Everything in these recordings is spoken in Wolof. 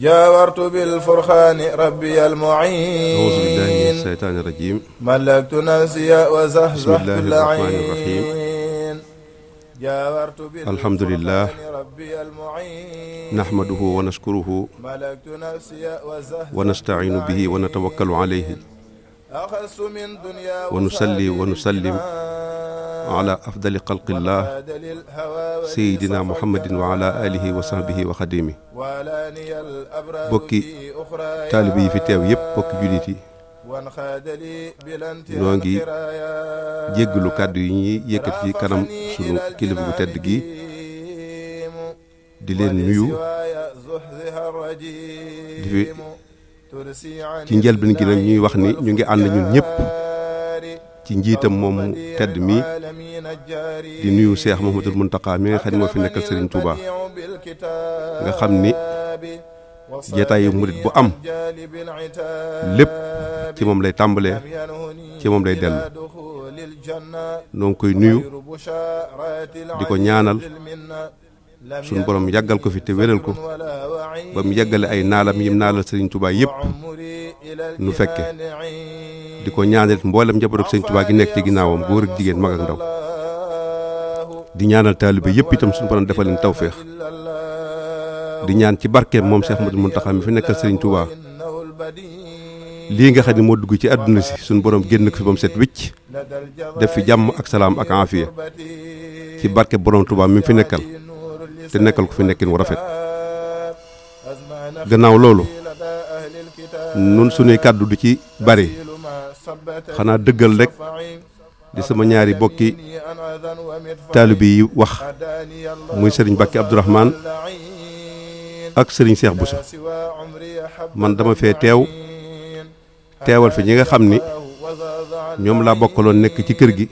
jaawartu bil furxaani rabbi al muin auzu billahi min seytaani rajim malaktu nafsiya wa zahzahtu l ain jaawartu bil alhamdulillah naxmaduhu wa nashkuruhu wa nastaciinu bihi wa natawakkalu alayhi wa nusalli wa nusallim ala afdali xalqillah sayidina muhammadin wa ala alihi wa sahbihi wa xadimi bokki taalibe yi fi teew yépp bokki jullit yi noo ngi jégglu kàddu yi ñuy yëkkat ci kanam sunu kilifa bu tedd gi di leen nuyu di fi ci njëlbin gi nag ñuy wax ni ñu ngi ànd ñun ñëpp ci njiitam moom tedd mi di nuyu Cheikh Mouhamadoul Mountakha mi nga xam ne moo fi nekkal Serigne Touba nga xam ni jataayu murit bu am lépp ci moom lay tàmbalee ci moom lay dellu noo ngi koy nuyu di ko ñaanal suñu borom yàggal ko fi te wéral ko ba mu yeggale ay naalam yim naalal sëriñ Tuubaa yëpp nu fekke di ko ñaanal mboolem njabootu sëriñ tubaa gi nekk ci ginnaawam góor ak jigéen mag ak ndaw di ñaanal taalibe yëpp itam suñu borom defal leen tawféex di ñaan ci barkeem moom Cheikh Ahmadou Mountakha mi fi nekkal sëriñ Tuubaa lii nga xam ne moo dugg ci àdduna si suñu borom génn ko fi ba mu set wicc def fi jàmm ak salaam ak aafiya ci barke borom Tuubaa mi fi nekkal te nekkal ko fi nekkin wu rafet gannaaw loolu nun suñuy kàddu du ci bari xanaa dëggal rek di sama ñaari bokki taalibe yi wax muy sëriñ Bàkki Abdourahman ak sëriñ Seex Buso man dama fee teew teewal fi ñi nga xam ni ñoom laa bokkaloon nekk ci kër gi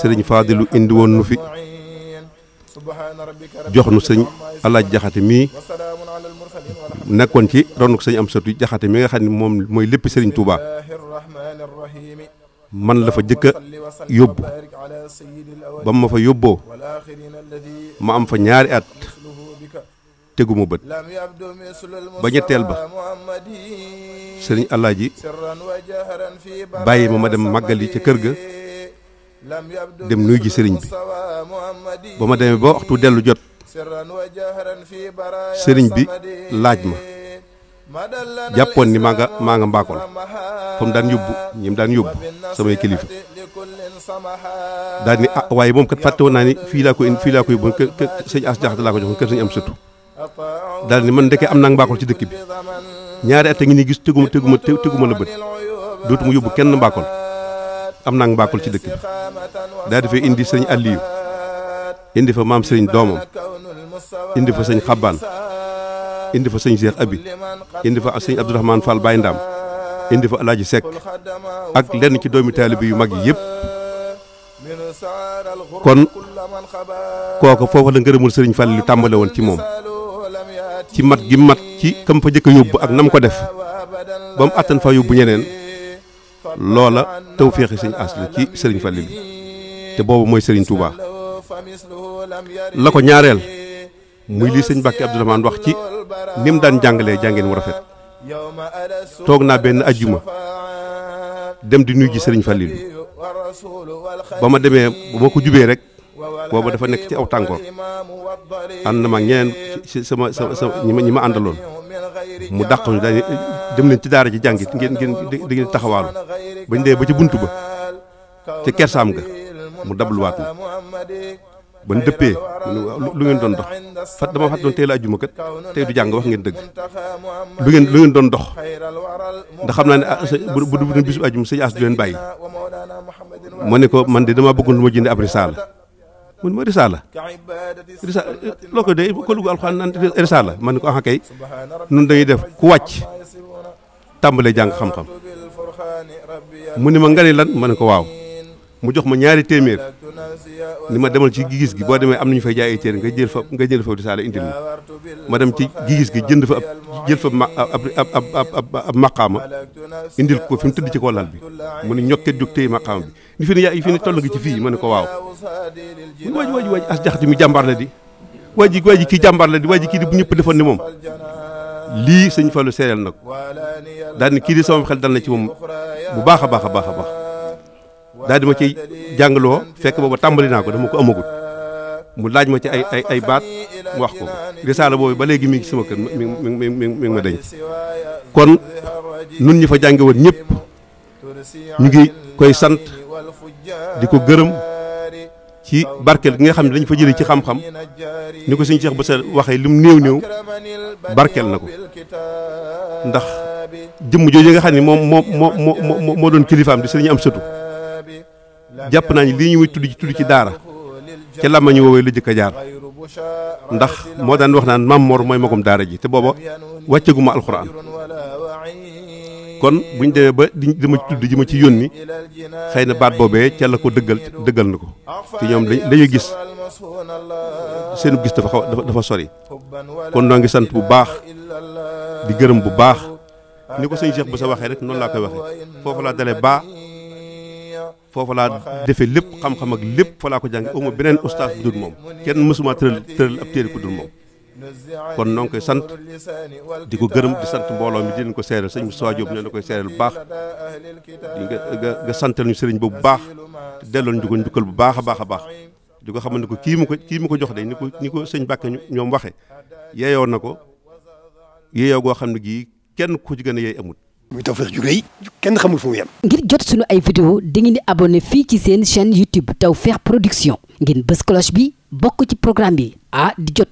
sëriñ Faadilu indi woon nu fi jox nu sëñ alaaj jaxate mii nekkoon ci ronuk sëñ am sëtu jaxate mi nga xam ne moom mooy lépp sëriñ Touba man la fa jëkk a yóbbu ba ma fa yóbboo ma am fa ñaari at teguma bët ba ñetteel ba sëriñ alaaji bàyyi ma ma dem màggal yi ca kër ga dem nuy ji sëriñ bi ba ma demee ba waxtu dellu jot sëriñ bi laaj ma jàppoon ni maa nga maa nga mbaakool fa mu daan yóbbu ñi daan yóbbu samay kilifa daal ni ah waaye moom kat fàtte woon naa ni fii laa ko indi fii laa ko yóbbu kër kër sëñ as jaxate laa ko joxoon am sëtu daal ni man ndeke am naa mbaakool ci dëkk bi ñaari at a ngi ni gis tëgguma tëgguma tëgguma la bët dootuma yóbbu kenn mbaakool am nag mbàkkul ci dëkk bi daal di indi sëñ Aliou indi fa maam sëñ doomam indi fa sëñ Xabbaan indi fa sëñ Cheikh Abi indi fa sëñ Abdourahmane Fall Baye Ndam indi fa Alaaji Seck ak lenn ci doomi taalibe yu mag yi yëpp kon kooku foofu la ngërëmul sëriñ Fall li tàmbale woon ci moom ci mat gi mat ci kam fa jëkk a yóbbu ak nam ko def ba àttan fa yóbbu ñeneen loola tawféexi sëñ as la ci sëriñ Fallilu te boobu mooy sëriñ Touba la ko ñaareel muy lii sëñ Mbàkke Abdou Rahmane wax ci ni mu daan jàngalee jàngeen wu rafet toog naa benn ajjuma dem di nuyu ji sëriñ Fallilu ba ma demee ba ma ko jubee rek booba dafa nekk ci aw tàngoor ànd na ma ñeneen ci sama sama ñi ma àndaloon mu dàq ñu daal dem leen ci daara ji jàngit ngeen ngeen ba ngeen taxawaalu bañ dee ba ci bunt ba ca kersaam ga mu dabluwaat na ban dëppee lu ngeen doon dox fat dama fat doon teel a ajjuma kat tey du jàng wax ngeen dëgg lu ngeen lu ngeen doon dox ndax xam naa ne ah, bu du bisu ajjuma sëñ as du leen bàyyi mu ne ko man de dama bëggoon lu ma jënd ab risaala mu ne ma risaala risaala eh, loo ko dee ko lu alxuraan naan risaala man ne ko ah kay nun dañuy def ku wàcc tàmbalee jàng xam-xam mu ni ma nga ni lan ma ne ko waaw mu jox ma ñaari téeméer ni ma demal ci gigis gi boo demee am nañu fay jaay ay nga jël fa nga jël fa di saale indil ma ma dem ci gigis gi jënd fa ab jël fa ma ab ab ab ab maqaama indil ko fi mu tëdd ci kaw lal bi mu ni ñokkee jóg téye maqaama bi ni fi ne yaa fi ne ci fii ma ne ko waaw mu waaj waaj waaj as jaxati mi jàmbaar la di waaj waaj kii jàmbaar di waaj ji kii di bu ñëpp defoon ni moom lii sëñ Fallou seereel na ko daal ni kii di sama xel dal na ci moom bu baax a baax a baax a baax daal di ma ci jàngaloo fekk boobu tàmbali naa ko dama ko amagul mu laaj ma ci ay ay baat mu wax ko risaala boobu ba léegi mi ngi sama kër mi mi mi mi ma deñ kon nun ñi fa jànge woon ñëpp ñu ngi koy sant di ko gërëm ci barkeel gi nga xam ne dañ fa jëlee ci xam-xam ni ko si suñu ba Boussa waxee lim néew-néew barkeel na ko ndax jëmm jooju nga xam ne moom moo moo moo moo doon kilifaam di sëriñ am sëtu jàpp naa ni lii ñuy tudd ci tudd ci daara ca làmmañu woowee la jëkk a jaar ndax moo daan wax naan maam Mor mooy magum daara ji te booba wàcceguma alxuraan kon bu ñu demee ba di ma tudd ji ma ci yónni xëy na baat boobee ca la ko dëggal dëggal na ko te ñoom dañuy gis seen gis dafa xaw dafa sori kon noo ngi sant bu baax di gërëm bu baax ni ko sëñ Cheikh bu sa waxee rek noonu laa koy waxee foofu laa dalee baa foofu laa defee lépp xam-xam ak lépp fa laa ko jànge amu beneen ustaas bu dul moom kenn mësuma tëral tëral ab téere ku dul moom kon noo ngi koy sant di ko gërëm di sant mbooloo mi di leen ko seeral sëñ soo Diop ñoo la koy seeral bu baax di nga nga santal ñu sëriñ boobu bu baax te delloo ñu ko njukkal bu baax a baax a baax di ko xamal ne ko kii mu ko kii mu ko jox de ni ko ni ko sëñ Bàkke ñoom waxee yeeyoo na ko yeeyoo goo xam ne gi kenn ku ci gën a yeey amul. muy Tawfekh ju kenn xamul fu ngir jot sunu ay vidéo dangeen di abonné fii ci seen chaîne YouTube Tawfekh Production ngeen bës cloche bi bokk ci programme bi ah di jot.